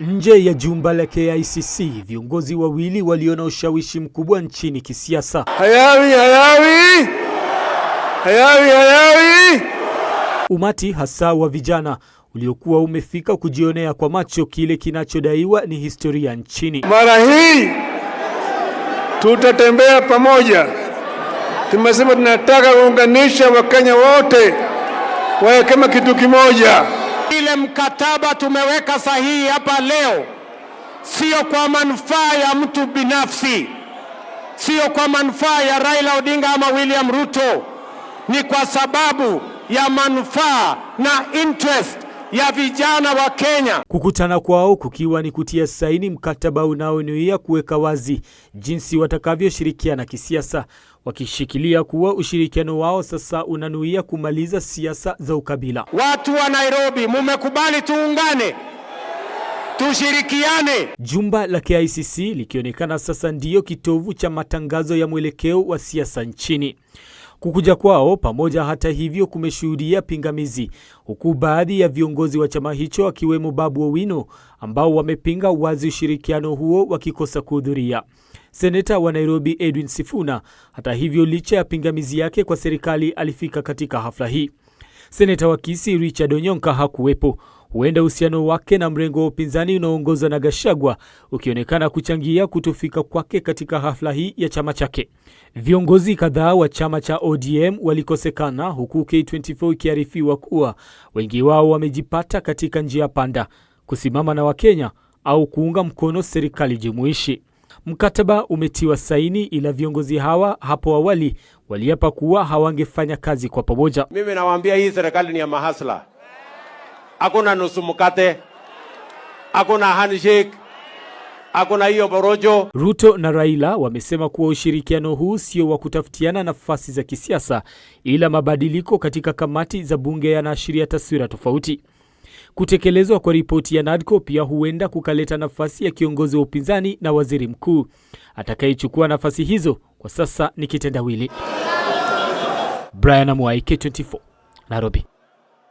Nje ya jumba la KICC, viongozi wawili walio na ushawishi mkubwa nchini kisiasa. Hayawi, hayawi! Hayawi, hayawi! Umati hasa wa vijana uliokuwa umefika kujionea kwa macho kile kinachodaiwa ni historia nchini. Mara hii tutatembea pamoja. Tumesema tunataka kuunganisha Wakenya wote wawe kama kitu kimoja ile mkataba tumeweka sahihi hapa leo, sio kwa manufaa ya mtu binafsi, sio kwa manufaa ya Raila Odinga ama William Ruto, ni kwa sababu ya manufaa na interest ya vijana wa Kenya. Kukutana kwao kukiwa ni kutia saini mkataba unaonuia kuweka wazi jinsi watakavyoshirikiana kisiasa, wakishikilia kuwa ushirikiano wao sasa unanuia kumaliza siasa za ukabila. Watu wa Nairobi, mumekubali tuungane tushirikiane. Jumba la KICC likionekana sasa ndiyo kitovu cha matangazo ya mwelekeo wa siasa nchini. Kukuja kwao pamoja, hata hivyo, kumeshuhudia pingamizi, huku baadhi ya viongozi wa chama hicho akiwemo Babu Owino ambao wamepinga wazi ushirikiano huo wakikosa kuhudhuria. Seneta wa Nairobi Edwin Sifuna, hata hivyo, licha ya pingamizi yake kwa serikali, alifika katika hafla hii. Seneta wa Kisii Richard Onyonka hakuwepo huenda uhusiano wake na mrengo wa upinzani unaoongozwa na gashagwa ukionekana kuchangia kutofika kwake katika hafla hii ya chama chake. Viongozi kadhaa wa chama cha ODM walikosekana huku K24 ikiarifiwa kuwa wengi wao wamejipata katika njia panda, kusimama na Wakenya au kuunga mkono serikali jumuishi. Mkataba umetiwa saini ila viongozi hawa hapo awali waliapa kuwa hawangefanya kazi kwa pamoja. Mimi nawaambia hii serikali ni ya mahasla hakuna nusu mkate, hakuna handshake hakuna hiyo borojo. Ruto na Raila wamesema kuwa ushirikiano huu sio wa kutafutiana nafasi za kisiasa, ila mabadiliko katika kamati za bunge yanaashiria taswira tofauti. Kutekelezwa kwa ripoti ya NADCO pia huenda kukaleta nafasi ya kiongozi wa upinzani na waziri mkuu. Atakayechukua nafasi hizo kwa sasa ni kitendawili. Brian Amwai, K24, Nairobi.